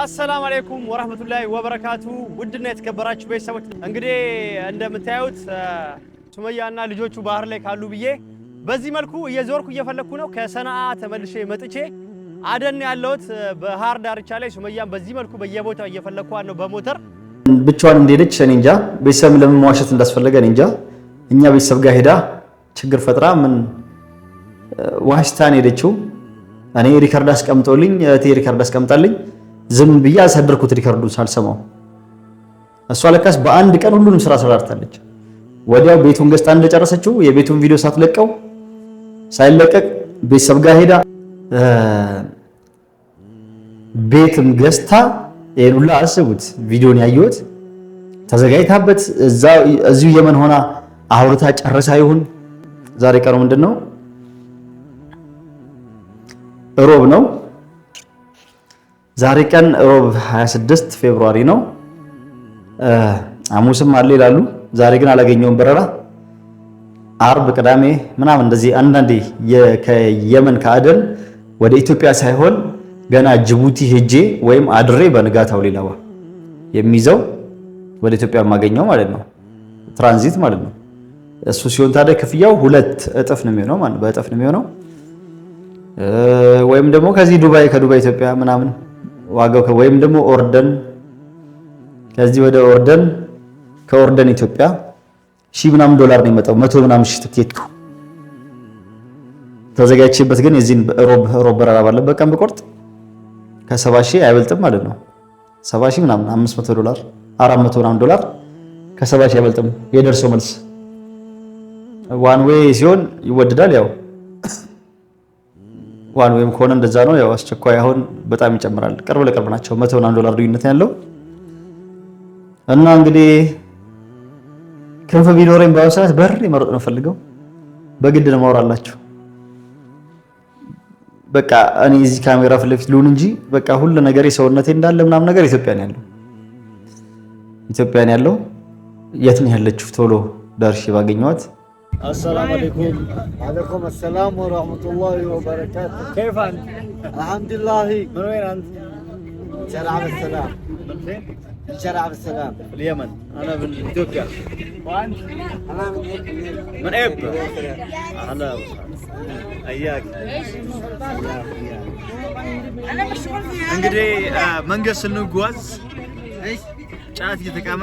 አሰላም አሌይኩም ወራህመቱላሂ ወበረካቱ። ውድና የተከበራችሁ ቤተሰቦች እንግዲህ እንደምታዩት ሱመያና ልጆቹ ባህር ላይ ካሉ ብዬ በዚህ መልኩ እየዞርኩ እየፈለግኩ ነው። ከሰንዓ ተመልሼ መጥቼ አደን ያለሁት ባህር ዳርቻ ላይ ሱመያን በዚህ መልኩ በየቦታው እየፈለግኩ ነው። በሞተር ብቻዋን እንደሄደች እኔ እንጃ፣ ቤተሰብ ለምን መዋሸት እንዳስፈለገ እኔ እንጃ። እኛ ቤተሰብ ጋር ሄዳ ችግር ፈጥራ ምን ዋሽታን ሄደችው። እኔ ሪከርድ አስቀምጦልኝ እህቴ ሪከርድ አስቀምጣልኝ ዝም ብዬ አሰበርኩት ሪከርዱን ሳልሰማው። እሷ ለካስ በአንድ ቀን ሁሉንም ስራ ሰራርታለች። ወዲያው ቤቱን ገዝታ እንደጨረሰችው የቤቱን ቪዲዮ ሳትለቀው ሳይለቀቅ ቤተሰብ ጋር ሄዳ ቤትም ገዝታ ይሄን ሁሉ አስቡት። ቪዲዮን ያየሁት ተዘጋጅታበት እዚሁ የመን ሆና አውርታ ጨርሳ ይሁን ዛሬ ቀኑ ምንድን ነው? እሮብ ነው። ዛሬ ቀን ሮብ 26 ፌብሩዋሪ ነው። ሐሙስም አለ ይላሉ። ዛሬ ግን አላገኘውም በረራ። አርብ፣ ቅዳሜ ምናምን እንደዚህ አንዳንዴ ከየመን ከአደን ወደ ኢትዮጵያ ሳይሆን ገና ጅቡቲ ሄጄ ወይም አድሬ በንጋታው ሌላዋ የሚይዘው ወደ ኢትዮጵያ የማገኘው ማለት ነው፣ ትራንዚት ማለት ነው። እሱ ሲሆን ታዲያ ክፍያው ሁለት እጥፍ ነው የሚሆነው፣ በእጥፍ ነው የሚሆነው። ወይም ደግሞ ከዚህ ዱባይ ከዱባይ ኢትዮጵያ ምናምን ዋጋው ወይም ደግሞ ኦርደን ከዚህ ወደ ኦርደን ከኦርደን ኢትዮጵያ ሺህ ምናምን ዶላር ነው የመጣው። መቶ ምናምን ሺህ ትኬት ተዘጋጅችበት ግን የዚህን ሮብ ሮብ በረራ ባለበት ቀን ብቆርጥ ከሰባ ሺህ አይበልጥም ማለት ነው። ሰባ ሺህ ምናምን አምስት መቶ ዶላር አራት መቶ ምናምን ዶላር ከሰባ ሺህ አይበልጥም። የደርሶ መልስ ዋን ዌይ ሲሆን ይወደዳል ያው ዋን ወይም ከሆነ እንደዛ ነው። ያው አስቸኳይ አሁን በጣም ይጨምራል። ቅርብ ለቅርብ ናቸው። መቶ ምናምን ዶላር ልዩነት ያለው እና እንግዲህ ክንፍ ቢኖረኝ በአሁኑ ሰዓት በር መሮጥ ነው ፈልገው በግድ ነው ማውራላችሁ። በቃ እኔ እዚህ ካሜራ ፊት ለፊት ልሁን እንጂ በቃ ሁሉ ነገር የሰውነቴ እንዳለ ምናምን ነገር ኢትዮጵያን ያለው ኢትዮጵያን ያለው የት ነው ያለችው? ቶሎ ደርሼ ባገኘኋት السلام طيب. عليكم عليكم السلام ورحمة الله وبركاته كيف أنت؟ الحمد لله من وين أنت؟ من شارع عبد السلام من فين؟ من شارع عبد السلام اليمن أنا من تركيا وأنت؟ أنا من إبل من إبل أهلا وسهلا أياك أنا مشغول في እንግዲህ النقوز؟ آه، إيش؟ ጫት እየተቀማ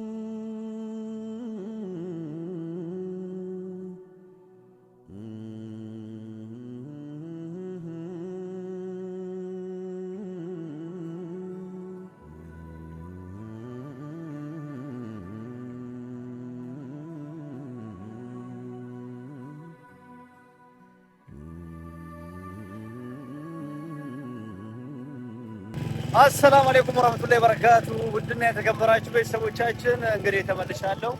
አሰላም አለይኩም ወራህመቱላሂ ወበረካቱ። ውድና የተከበራችሁ ቤተሰቦቻችን እንግዲህ ተመልሻለሁ።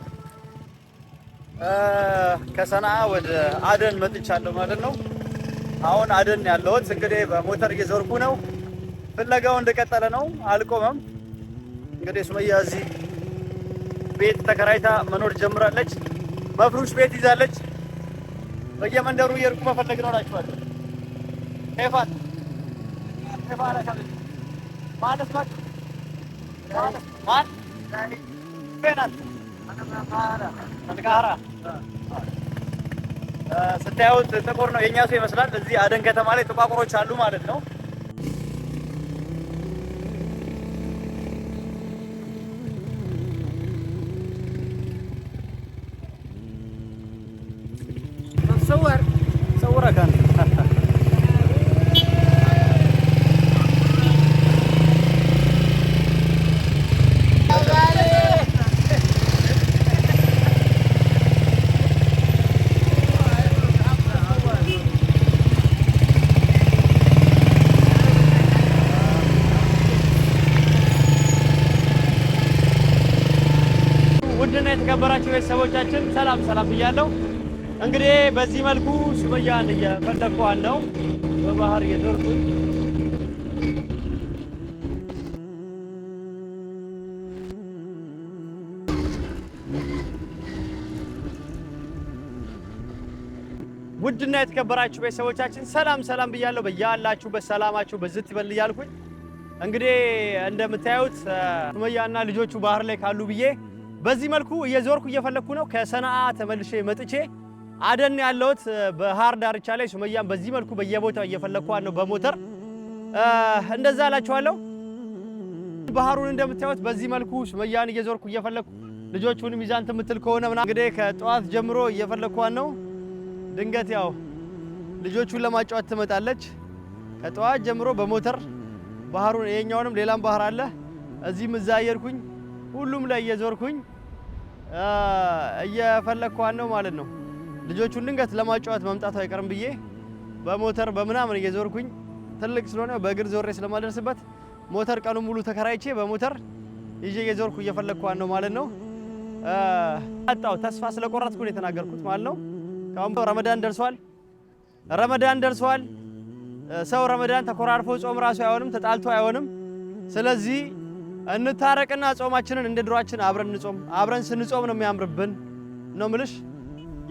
ከሰና ወደ አደን መጥቻለሁ ማለት ነው። አሁን አደን ያለሁት እንግዲህ በሞተር እየዞርኩ ነው። ፍለጋው እንደቀጠለ ነው፣ አልቆመም። እንግዲህ ሱመያ እዚህ ቤት ተከራይታ መኖር ጀምራለች። መፍሩሽ ቤት ይዛለች። በየመንደሩ እየሄድኩ መፈለግ ነው እላችኋለሁ። ፋት ፋ ስታዩት ጥቁር ነው፣ የእኛ ሰው ይመስላል። እዚህ አደን ከተማ ላይ ጥቋቁሮች አሉ ማለት ነው። ሰወር ሰውረካን ቤተሰቦቻችን ሰላም ሰላም ብያለሁ። እንግዲህ በዚህ መልኩ ሱመያን እየፈለግኳት ነው በባህር እየዞርኩኝ ውድና የተከበራችሁ ቤተሰቦቻችን ሰላም ሰላም ብያለሁ። በያላችሁ በሰላማችሁ በዝት ይበል እያልኩኝ እንግዲህ እንደምታዩት ሱመያና ልጆቹ ባህር ላይ ካሉ ብዬ በዚህ መልኩ እየዞርኩ እየፈለግኩ ነው። ከሰነአ ተመልሼ መጥቼ አደን ያለሁት በባህር ዳርቻ ላይ ሱመያን በዚህ መልኩ በየቦታው እየፈለግኳት ነው በሞተር እንደዛ አላችኋለሁ። ባህሩን እንደምታዩት በዚህ መልኩ ሱመያን እየዞርኩ እየፈለግኩ ልጆቹን ሚዛን ትምትል ከሆነ ምና እንግዲህ ከጠዋት ጀምሮ እየፈለግኳት ነው። ድንገት ያው ልጆቹን ለማጫወት ትመጣለች። ከጠዋት ጀምሮ በሞተር ባህሩን ይሄኛውንም ሌላም ባህር አለ እዚህም እዛ አየርኩኝ ሁሉም ላይ እየዞርኩኝ እየፈለግኳን ነው ማለት ነው። ልጆቹን ድንገት ለማጫወት መምጣቱ አይቀርም ብዬ በሞተር በምናምን እየዞርኩኝ ትልቅ ስለሆነ በእግር ዞሬ ስለማደርስበት ሞተር ቀኑን ሙሉ ተከራይቼ በሞተር ይዤ እየዞርኩ እየፈለግኳን ነው ማለት ነው። አጣው ተስፋ ስለቆረጥኩ ነው የተናገርኩት ማለት ነው። ካሁን ረመዳን ደርሷል። ረመዳን ደርሷል። ሰው ረመዳን ተኮራርፎ ጾም ራሱ አይሆንም፣ ተጣልቶ አይሆንም። ስለዚህ እንታረቅና ጾማችንን እንደ ድሯችን አብረን እንጾም። አብረን ስንጾም ነው የሚያምርብን ነው ምልሽ።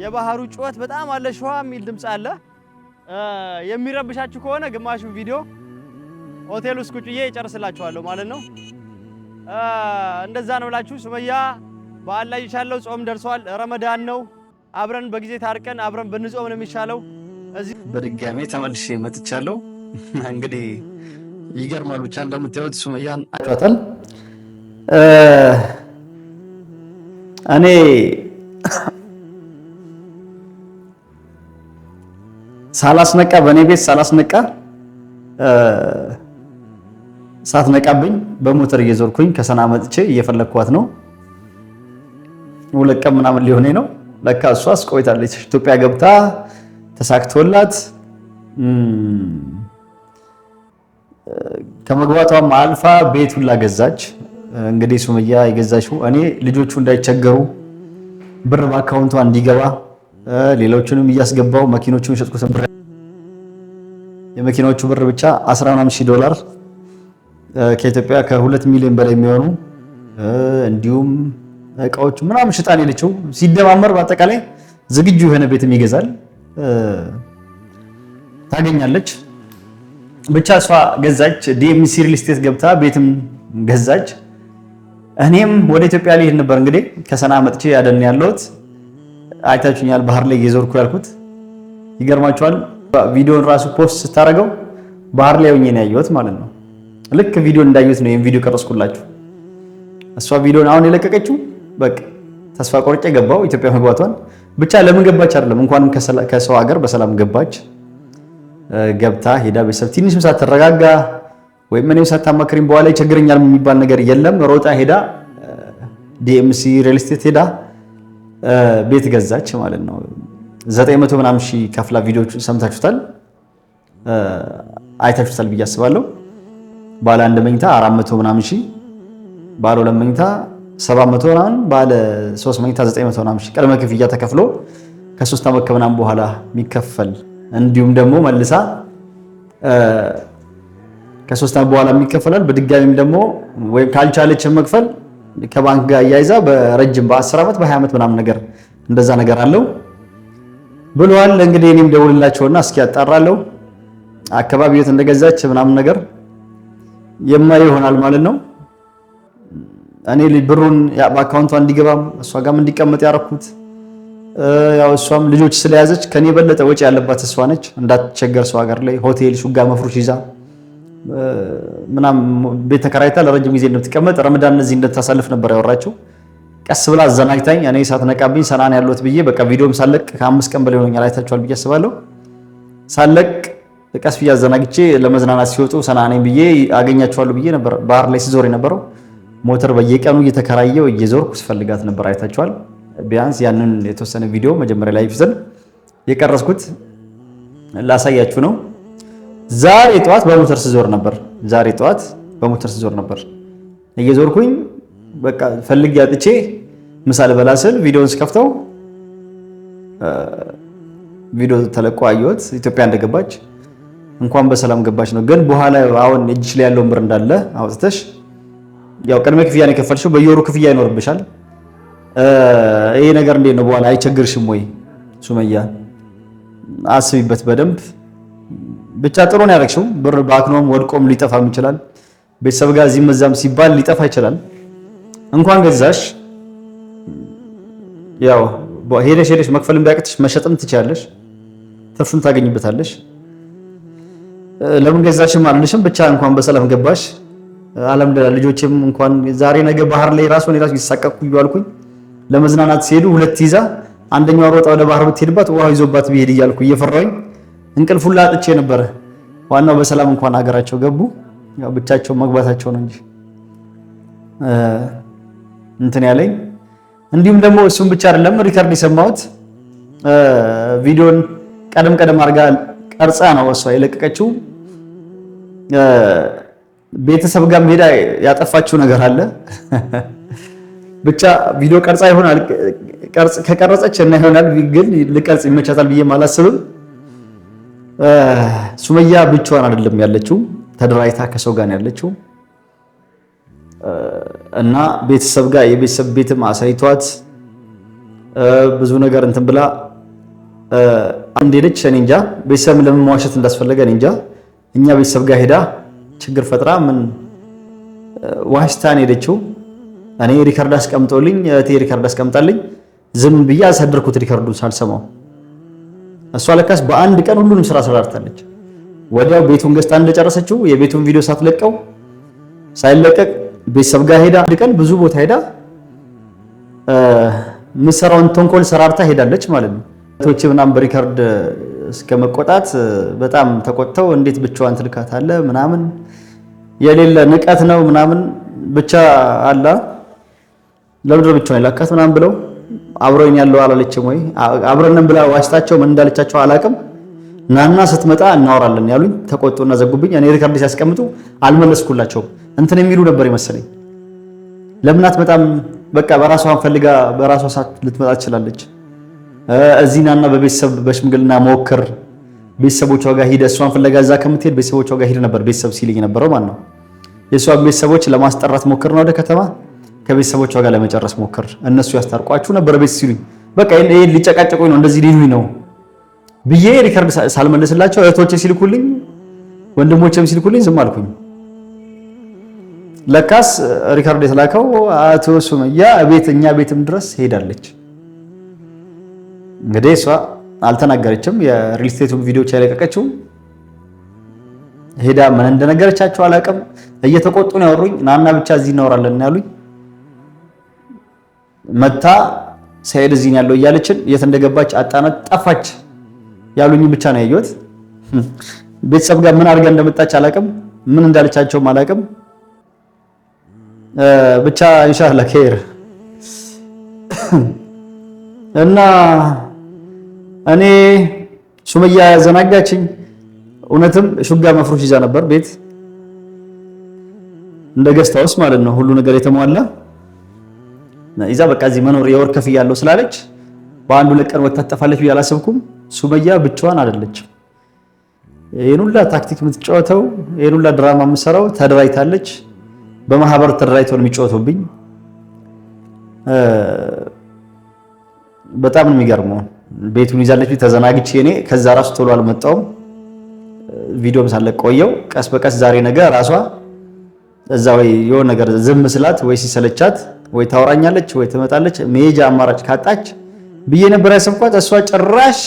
የባህሩ ጩኸት በጣም አለ፣ ሸዋ የሚል ድምፅ አለ። የሚረብሻችሁ ከሆነ ግማሹ ቪዲዮ ሆቴል ውስጥ ቁጭዬ ይጨርስላችኋለሁ ማለት ነው። እንደዛ ነው ብላችሁ ሱመያ በዓል ላይ ይሻለው። ጾም ደርሷል፣ ረመዳን ነው። አብረን በጊዜ ታርቀን አብረን ብንጾም ነው የሚሻለው። እዚህ በድጋሜ ተመልሼ መጥቻለሁ እንግዲህ ይገርማል። ብቻ እንደምታዩት ሱመያን አይቷታል። እኔ ሳላስነቃ በእኔ ቤት ሳላስነቃ ሳትነቃብኝ በሞተር እየዞርኩኝ ከሰና መጥቼ እየፈለግኳት ነው። ሁለት ቀን ምናምን ሊሆኔ ነው። ለካ እሷ አስቆይታለች ኢትዮጵያ ገብታ ተሳክቶላት ከመግባቷም አልፋ ቤት ሁላ ገዛች። እንግዲህ ሱመያ የገዛችው እኔ ልጆቹ እንዳይቸገሩ ብር በአካውንቷ እንዲገባ ሌሎቹንም እያስገባው መኪኖቹን የሸጥኩትን ብር የመኪናዎቹ ብር ብቻ 15000 ዶላር ከኢትዮጵያ ከሁለት ሚሊዮን በላይ የሚሆኑ እንዲሁም እቃዎቹ ምናምን ሽጣን የለችው ሲደማመር በአጠቃላይ ዝግጁ የሆነ ቤትም ይገዛል ታገኛለች። ብቻ እሷ ገዛች፣ ዲኤምሲ ሪል ስቴት ገብታ ቤትም ገዛች። እኔም ወደ ኢትዮጵያ ልሄድ ነበር እንግዲህ ከሰና መጥቼ ያደን ያለሁት አይታችሁኛል፣ ባህር ላይ እየዞርኩ ያልኩት ይገርማችኋል። ቪዲዮን ራሱ ፖስት ስታደርገው ባህር ላይ ሆኜ ነው ያየሁት ማለት ነው። ልክ ቪዲዮ እንዳየሁት ነው ይሄን ቪዲዮ ቀረጽኩላችሁ። እሷ ቪዲዮን አሁን የለቀቀችው በቃ ተስፋ ቆርጬ ገባው ኢትዮጵያ መግባቷን ብቻ ለምን ገባች አይደለም፣ እንኳንም ከሰው ሀገር በሰላም ገባች። ገብታ ሄዳ ቤተሰብ ትንሽም ሳትረጋጋ ወይም እኔም ሳታማክሪኝ በኋላ ይቸግረኛል የሚባል ነገር የለም። ሮጣ ሄዳ ዲኤምሲ ሪል ስቴት ሄዳ ቤት ገዛች ማለት ነው። ዘጠኝ መቶ ምናምን ሺ ከፍላ ቪዲዮዎቹን ሰምታችሁታል፣ አይታችሁታል ብዬ አስባለሁ። ባለ አንድ መኝታ አራት መቶ ምናምን ባለ ሁለት መኝታ ሰባት መቶ ምናምን፣ ባለ ሶስት መኝታ ዘጠኝ መቶ ምናምን ሺህ ቅድመ ክፍያ ተከፍሎ ከሶስት ዓመት ከምናምን በኋላ የሚከፈል እንዲሁም ደግሞ መልሳ ከሶስት ዓመት በኋላ የሚከፈላል። በድጋሚም ደግሞ ወይም ካልቻለች መክፈል ከባንክ ጋር እያይዛ በረጅም በ10 ዓመት በ20 ዓመት ምናምን ነገር እንደዛ ነገር አለው ብለዋል። እንግዲህ እኔም ደውልላቸውና እስኪ ያጣራለሁ አካባቢ የት እንደገዛች ምናምን ነገር የማይ ይሆናል ማለት ነው። እኔ ብሩን በአካውንቷ እንዲገባም እሷ ጋም እንዲቀመጥ ያረኩት ያው እሷም ልጆች ስለያዘች ከኔ የበለጠ ወጪ ያለባት እሷ ነች። እንዳትቸገር ሰው ሀገር ላይ ሆቴል ሹጋ መፍሩሽ ይዛ ምናምን ቤት ተከራይታ ለረጅም ጊዜ እንደምትቀመጥ ረመዳን እነዚህ እንደታሳልፍ ነበር ያወራቸው። ቀስ ብላ አዘናግታኝ እኔ ሳትነቃብኝ ሰናን ያለሁት ብዬ በቃ ቪዲዮም ሳለቅ ከአምስት ቀን በላይ ሆኖኛል። አይታችኋል ብዬ አስባለሁ። ሳለቅ ቀስ ብዬ አዘናግቼ ለመዝናናት ሲወጡ ሰናኔ ብዬ አገኛችኋለሁ ብዬ ነበር ባህር ላይ ሲዞር የነበረው ሞተር በየቀኑ እየተከራየው እየዞርኩ ስፈልጋት ነበር። አይታችኋል። ቢያንስ ያንን የተወሰነ ቪዲዮ መጀመሪያ ላይ ፊትን የቀረስኩት ላሳያችሁ ነው። ዛሬ ጠዋት በሞተር ስዞር ነበር። ዛሬ ጠዋት በሞተር ስዞር ነበር። እየዞርኩኝ በቃ ፈልጌ አጥቼ ምሳ ልበላ ስል ቪዲዮን ስከፍተው ቪዲዮ ተለቆ አየሁት። ኢትዮጵያ እንደገባች እንኳን በሰላም ገባች ነው። ግን በኋላ አሁን እጅሽ ላይ ያለውን ብር እንዳለ አውጥተሽ ያው ቅድመ ክፍያ ነው የከፈልሽው። በየወሩ ክፍያ ይኖርብሻል። ይሄ ነገር እንዴት ነው በኋላ አይቸግርሽም ወይ ሱመያ? አስቢበት በደንብ ብቻ ጥሩ ነው ያደረግሽው። ብር ባክኖም ወድቆም ሊጠፋም ይችላል። ቤተሰብ ጋር እዚህም እዛም ሲባል ሊጠፋ ይችላል። እንኳን ገዛሽ ያው ሄደሽ ሄደሽ መክፈልም ቢያቅትሽ መሸጥም ትችያለሽ፣ ትርፍም ታገኝበታለሽ። ለምን ገዛሽም አልልሽም፣ ብቻ እንኳን በሰላም ገባሽ። አልሐምዱሊላህ ልጆችም እንኳን ዛሬ ነገ ባህር ላይ ራሱ እኔ ራሱ ይሳቀቅኩ እያልኩኝ ለመዝናናት ሲሄዱ ሁለት ይዛ አንደኛው ሮጣ ወደ ባህር ብትሄድባት ውሃ ይዞባት ቢሄድ እያልኩ እየፈራኝ እንቅልፍ ሁላ አጥቼ ነበረ። ዋናው በሰላም እንኳን ሀገራቸው ገቡ። ያው ብቻቸው መግባታቸው ነው እንጂ እንትን ያለኝ። እንዲሁም ደግሞ እሱም ብቻ አይደለም ሪከርድ የሰማሁት ቪዲዮን ቀደም ቀደም አድርጋ ቀርጻ ነው እሷ የለቀቀችው። ቤተሰብ ጋር ሄዳ ያጠፋችው ነገር አለ ብቻ ቪዲዮ ቀርጻ ይሆናል ከቀረጸች እና ይሆናል ግን ልቀርጽ ይመቻታል ብዬ አላስብም። ሱመያ ብቻዋን አይደለም ያለችው፣ ተደራጅታ ከሰው ጋር ያለችው እና ቤተሰብ ጋር የቤተሰብ ቤትም አሳይቷት ብዙ ነገር እንትን ብላ እንደሄደች እኔ እንጃ። ቤተሰብ ለምን መዋሸት እንዳስፈለገ እኔ እንጃ። እኛ ቤተሰብ ጋር ሄዳ ችግር ፈጥራ ምን ዋሽታን ሄደችው እኔ ሪከርድ አስቀምጦልኝ እቴ ሪከርድ አስቀምጣልኝ ዝም ብዬ አሳደርኩት ሪከርዱን ሳልሰማው። እሷ ለካስ በአንድ ቀን ሁሉንም ስራ ሰራርታለች። ወዲያው ቤቱን ገዝታ እንደጨረሰችው የቤቱን ቪዲዮ ሳትለቀው ሳይለቀቅ ቤተሰብ ጋር ሄዳ አንድ ቀን ብዙ ቦታ ሄዳ ምሰራውን ተንኮል ሰራርታ ሄዳለች ማለት ነው። እህቶቼ ምናምን በሪከርድ እስከ መቆጣት በጣም ተቆጥተው እንዴት ብቻዋን ትልካት አለ ምናምን የሌለ ንቀት ነው ምናምን ብቻ አላ ለምድር ብቻ ነው ላካት ምናምን ብለው አብሮኝ ያለው አላለችም ወይ አብረንም ብላ ዋሽታቸው ምን እንዳለቻቸው አላቅም። ናና ስትመጣ እናወራለን ያሉኝ ተቆጡና ዘጉብኝ። እኔ ሪከርድ ሲያስቀምጡ አልመለስኩላቸውም። እንትን የሚሉ ነበር ይመስለኝ። ለምን አትመጣም? በቃ በራሷን ፈልጋ በራሷ ሰዓት ልትመጣ ትችላለች። እዚህ ናና በቤተሰብ በሽምግልና ሞክር፣ ቤተሰቦቿ ጋር ሂደ፣ እሷን ፍለጋ እዛ ከምትሄድ ቤተሰቦቿ ጋር ሂድ ነበር ቤተሰብ ሲልኝ ነበረው ማለት ነው። የእሷን ቤተሰቦች ለማስጠራት ሞክር ነው ወደ ከተማ ከቤተሰቦቿ ጋር ለመጨረስ ሞከር። እነሱ ያስታርቋችሁ ነበር ቤት ሲሉኝ፣ በቃ ይሄ ሊጨቃጨቁኝ ነው እንደዚህ ሊሉኝ ነው ብዬ ሪከርድ ሳልመለስላቸው እህቶቼ ሲልኩልኝ፣ ወንድሞቼም ሲልኩልኝ ዝም አልኩኝ። ለካስ ሪከርድ የተላከው አቶ ሱመያ ቤት እኛ ቤትም ድረስ ሄዳለች። እንግዲህ እሷ አልተናገረችም። የሪል ስቴቱን ቪዲዮች ያለቀቀችው ሄዳ ምን እንደነገረቻቸው አላውቅም። እየተቆጡ ነው ያወሩኝ። ናና ብቻ እዚህ እናወራለን ያሉኝ መታ ሳይድ እዚህ ያለው እያለችን የት እንደገባች አጣናት፣ ጠፋች። ያሉኝ ብቻ ነው ያየሁት። ቤተሰብ ጋር ምን አድርጋ እንደመጣች አላቅም፣ ምን እንዳለቻቸውም አላቅም። ብቻ ኢንሻአላህ ኸይር እና እኔ ሱመያ ዘናጋችኝ። እውነትም ሹጋ መፍሩሽ ይዛ ነበር ቤት እንደ ገስታውስ ማለት ነው ሁሉ ነገር የተሟላ ይዛ በቃ እዚህ መኖር የወር ክፍያ ያለው ስላለች በአንዱ ለቀን ቀን ወጥታ ትጠፋለች ብዬ አላሰብኩም። ሱመያ ብቻዋን አደለች። የኑላ ሁላ ታክቲክ የምትጫወተው የኑላ ሁላ ድራማ የምትሰራው ተደራጅታለች። በማህበር ተደራጅተው ነው የሚጫወቱብኝ። በጣም ነው የሚገርመው። ቤቱን ይዛለች ተዘናግቼ እኔ ከዛ ራሱ ቶሎ አልመጣውም። ቪዲዮም ሳለቅ ቆየው። ቀስ በቀስ ዛሬ ነገ ራሷ እዛ ወይ የሆነ ነገር ዝም ስላት ወይ ሲሰለቻት ወይ ታወራኛለች ወይ ትመጣለች መሄጃ አማራጭ ካጣች ብዬ ነበር ያሰብኳት። እሷ ጭራሽ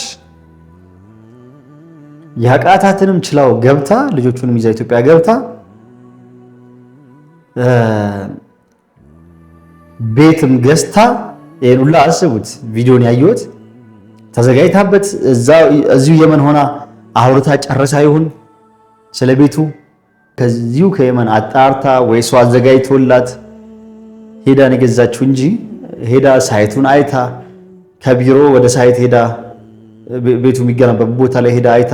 ያቃታትንም ችላው ገብታ ልጆቹንም ይዛ ኢትዮጵያ ገብታ ቤትም ገዝታ ይሄን ሁላ አስቡት። ቪዲዮን ያየሁት ተዘጋጅታበት እዚሁ የመን ሆና አውርታ ጨርሳ ይሁን ስለ ቤቱ ከዚሁ ከየመን አጣርታ ወይ ሰው አዘጋጅቶላት ሄዳ ነው የገዛችው እንጂ ሄዳ ሳይቱን አይታ ከቢሮ ወደ ሳይት ሄዳ ቤቱ የሚገነበት ቦታ ላይ ሄዳ አይታ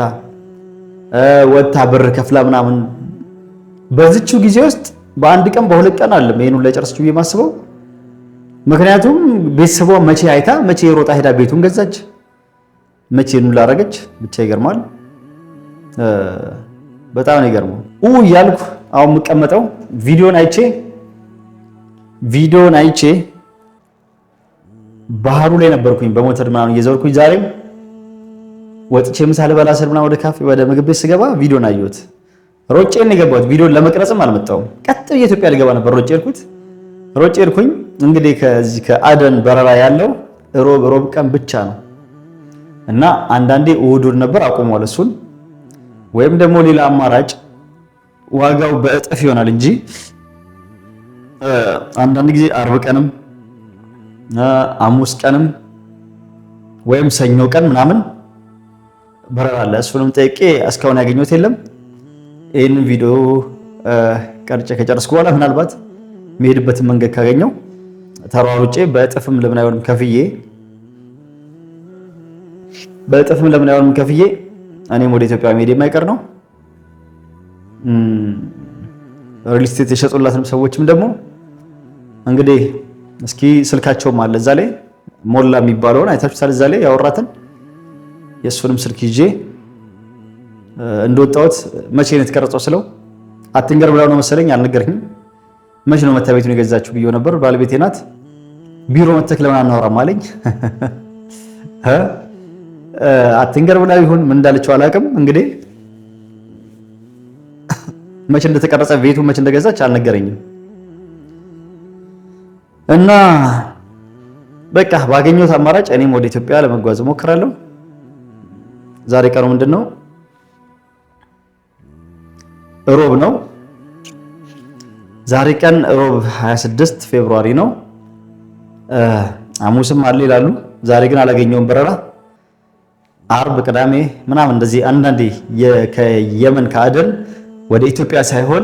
ወጥታ ብር ከፍላ ምናምን በዚችው ጊዜ ውስጥ በአንድ ቀን በሁለት ቀን አለ ይሄን ሁሉ ጨርሰች ብዬ የማስበው። ምክንያቱም ቤተሰቧ መቼ አይታ መቼ የሮጣ ሄዳ ቤቱን ገዛች፣ መቼ ኑ አረገች። ብቻ ይገርማል። በጣም ነው ይገርመው። ኡ እያልኩ አሁን የምቀመጠው ቪዲዮን አይቼ ቪዲዮን አይቼ ባህሩ ላይ ነበርኩኝ በሞተር ምናምን እየዘርኩኝ ዛሬም ወጥቼ ምሳ ልበላ ስል ምናምን ወደ ካፌ ወደ ምግብ ቤት ስገባ ቪዲዮን አየሁት። ሮጬን የገባሁት ቪዲዮን ለመቅረጽም አልመጣሁም። ቀጥ ብዬ ልገባ ነበር ሮጬ ሄድኩት። ሮጬ ሄድኩኝ። እንግዲህ ከዚህ ከአደን በረራ ያለው ሮብ ሮብ ቀን ብቻ ነው እና አንዳንዴ እሑድ ነበር አቁሟል እሱን ወይም ደግሞ ሌላ አማራጭ ዋጋው በእጥፍ ይሆናል እንጂ አንዳንድ ጊዜ አርብ ቀንም አሙስ ቀንም ወይም ሰኞ ቀን ምናምን በረራ አለ። እሱንም ጠይቄ እስካሁን ያገኘሁት የለም። ይህን ቪዲዮ ቀርጬ ከጨርስኩ በኋላ ምናልባት የሚሄድበትን መንገድ ካገኘው ተሯሩጬ በእጥፍም ለምን አይሆንም ከፍዬ በእጥፍም ለምን አይሆንም ከፍዬ እኔም ወደ ኢትዮጵያ መሄድ የማይቀር ነው። ሪልስቴት ስቴት ሰዎችም ደግሞ እንግዲህ እስኪ ስልካቸውም አለ እዛ ላይ ሞላ የሚባለውን አይታችሁታል። እዛ ላይ ያወራትን የእሱንም ስልክ ይዤ እንደወጣሁት መቼ ነው የተቀረጸው ስለው አትንገር ብላው ነው መሰለኝ አልነገርኝም? መቼ ነው መታ ቤቱን የገዛችሁ ብዬው ነበር። ባለቤቴ ናት ቢሮ መተክ ለምን አናወራም አለኝ። አትንገር ብላ ይሁን ምን እንዳለችው አላውቅም። እንግዲህ መቼ እንደተቀረጸ ቤቱ መቼ እንደገዛች አልነገረኝም። እና በቃ ባገኘሁት አማራጭ እኔም ወደ ኢትዮጵያ ለመጓዝ እሞክራለሁ። ዛሬ ቀኑ ምንድን ነው? ሮብ ነው። ዛሬ ቀን ሮብ 26 ፌብሩዋሪ ነው። ሐሙስም አለ ይላሉ። ዛሬ ግን አላገኘውም በረራ አርብ፣ ቅዳሜ ምናምን እንደዚህ አንዳንዴ ከየመን ከአደን ወደ ኢትዮጵያ ሳይሆን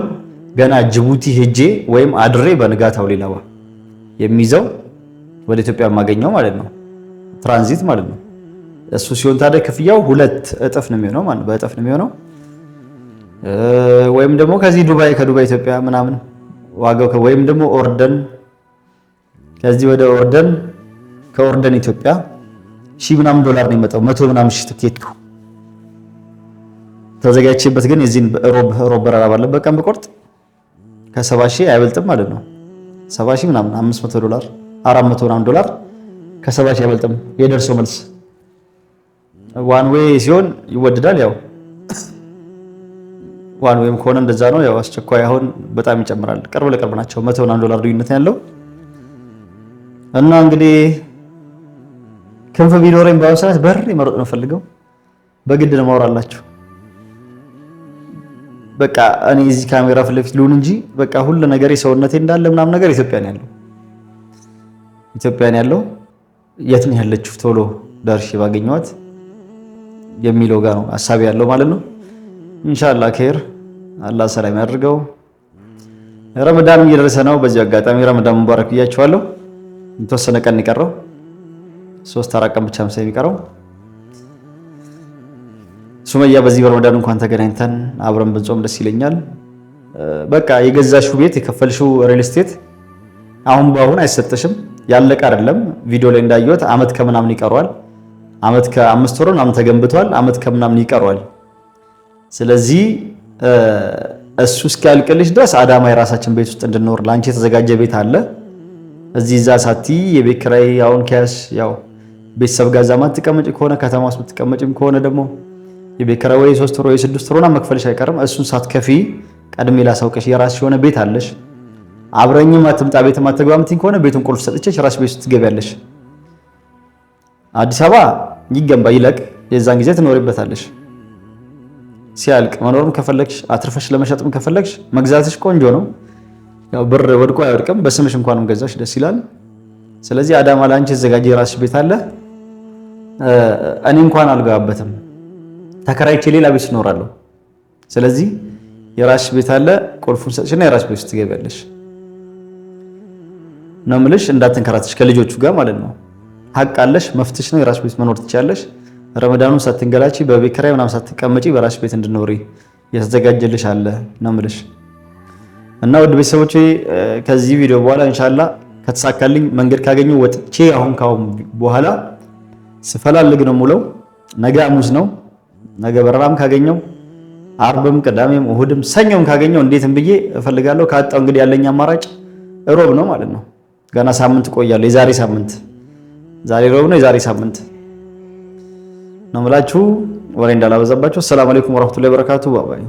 ገና ጅቡቲ ሄጄ ወይም አድሬ በንጋታው ሊነባ የሚይዘው ወደ ኢትዮጵያ የማገኘው ማለት ነው፣ ትራንዚት ማለት ነው። እሱ ሲሆን ታዲያ ክፍያው ሁለት እጥፍ ነው የሚሆነው ማለት ነው፣ በእጥፍ ነው የሚሆነው። ወይም ደግሞ ከዚህ ዱባይ ከዱባይ ኢትዮጵያ ምናምን ዋጋው ወይም ደግሞ ኦርደን ከዚህ ወደ ኦርደን ከኦርደን ኢትዮጵያ ሺህ ምናምን ዶላር ነው የመጣው፣ መቶ ምናምን ሺህ ትኬቱ ተዘጋጅቼበት ግን የዚህን ሮብ ሮብ በረራ ባለበት ቀን ብቆርጥ ከሰባ ሺህ አይበልጥም ማለት ነው። ሰባ ሺህ ምናምን አምስት መቶ ዶላር አራት መቶ ምናምን ዶላር ከሰባ ሺህ አይበልጥም። የደርሶ መልስ ዋን ዌይ ሲሆን ይወደዳል። ያው ዋን ዌይም ከሆነ እንደዛ ነው። ያው አስቸኳይ አሁን በጣም ይጨምራል። ቅርብ ለቅርብ ናቸው። መቶ ምናምን ዶላር ልዩነት ያለው እና እንግዲህ ክንፍ ቢኖረኝ በአሁኑ ሰዓት በር መሮጥ ነው ፈልገው በግድ ነው ማውራላችሁ። በቃ እኔ እዚህ ካሜራ ፊት ለፊት ልሁን እንጂ በቃ ሁሉ ነገር የሰውነቴ እንዳለ ምናምን ነገር ኢትዮጵያ ነው ያለው ኢትዮጵያ ነው ያለው። የት ነው ያለችው ቶሎ ደርሼ ባገኘኋት የሚለው ጋር ነው ሀሳብ ያለው ማለት ነው። ኢንሻአላህ ኸይር አላህ ሰላም ያድርገው። ረመዳንም እየደረሰ ነው። በዚህ አጋጣሚ ረመዳን ሙባረክ ብያችኋለሁ። የተወሰነ ቀን ይቀረው ሶስት አራት ቀን ብቻ መሰለኝ የሚቀረው። ሱመያ በዚህ በረመዳን እንኳን ተገናኝተን አብረን ብንጾም ደስ ይለኛል። በቃ የገዛሽው ቤት የከፈልሽው ሪል ስቴት አሁን በአሁን አይሰጠሽም፣ ያለቀ አይደለም። ቪዲዮ ላይ እንዳየሁት አመት ከምናምን ይቀረዋል። አመት ከአምስት ወር ምናምን ተገንብቷል። አመት ከምናምን ይቀረዋል። ስለዚህ እሱ እስኪያልቅልሽ ድረስ አዳማ የራሳችን ቤት ውስጥ እንድንኖር ለአንቺ የተዘጋጀ ቤት አለ። እዚህ እዛ ሳቲ የቤት ኪራይ አሁን ያው ቤተሰብ ጋር እዛ ማትቀመጭ ከሆነ ከተማ ውስጥ ምትቀመጭም ከሆነ ደግሞ የቤት ኪራይ ወይ ሶስት ወር ወይ ስድስት ወር መክፈልሽ አይቀርም። እሱን ሳትከፊ ቀድሜ ላሳውቅሽ፣ የራስሽ የሆነ ቤት አለሽ። አብረኝም አትምጣ ቤትም አትግባ እምትይኝ ከሆነ ቤቱን ቁልፍ ሰጥቼሽ ራስሽ ቤት ውስጥ ትገቢያለሽ። አዲስ አበባ ይገንባ ይለቅ፣ የዛን ጊዜ ትኖሪበታለሽ። ሲያልቅ መኖርም ከፈለግሽ አትርፈሽ ለመሸጥም ከፈለግሽ መግዛትሽ ቆንጆ ነው። ያው ብር ወድቆ አይወድቅም። በስምሽ እንኳንም ገዛሽ ደስ ይላል። ስለዚህ አዳማ ላንቺ የተዘጋጀ የራስሽ ቤት አለ። እኔ እንኳን አልገባበትም። ተከራይቼ ሌላ ቤት እኖራለሁ። ስለዚህ የራስሽ ቤት አለ፣ ቁልፉን ሰጥሽና የራስሽ ቤት ውስጥ ትገቢያለሽ ነው የምልሽ። እንዳትንከራተሽ ከልጆቹ ጋር ማለት ነው። ሀቅ አለሽ፣ መፍትሽ ነው። የራስሽ ቤት መኖር ትችያለሽ። ረመዳኑን ሳትንገላች በቤት ኪራይ ምናምን ሳትቀመጪ በራስሽ ቤት እንድኖሪ የተዘጋጀልሽ አለ ነው የምልሽ። እና ውድ ቤተሰቦቼ ከዚህ ቪዲዮ በኋላ ኢንሻአላህ ከተሳካልኝ መንገድ ካገኘሁ ወጥቼ አሁን ካሁን በኋላ ስፈላልግ ነው ሙለው። ነገ ሐሙስ ነው። ነገ በረራም ካገኘው አርብም፣ ቅዳሜም፣ እሁድም፣ ሰኞም ካገኘው እንዴትም ብዬ እፈልጋለሁ። ካጣው እንግዲህ ያለኝ አማራጭ ሮብ ነው ማለት ነው። ገና ሳምንት ቆያለ የዛሬ ሳምንት ዛሬ ሮብ ነው። የዛሬ ሳምንት ነው የምላችሁ። ወሬ እንዳላበዛባችሁ። ሰላም አለይኩም ወራህመቱላሂ ወበረካቱ ባባይ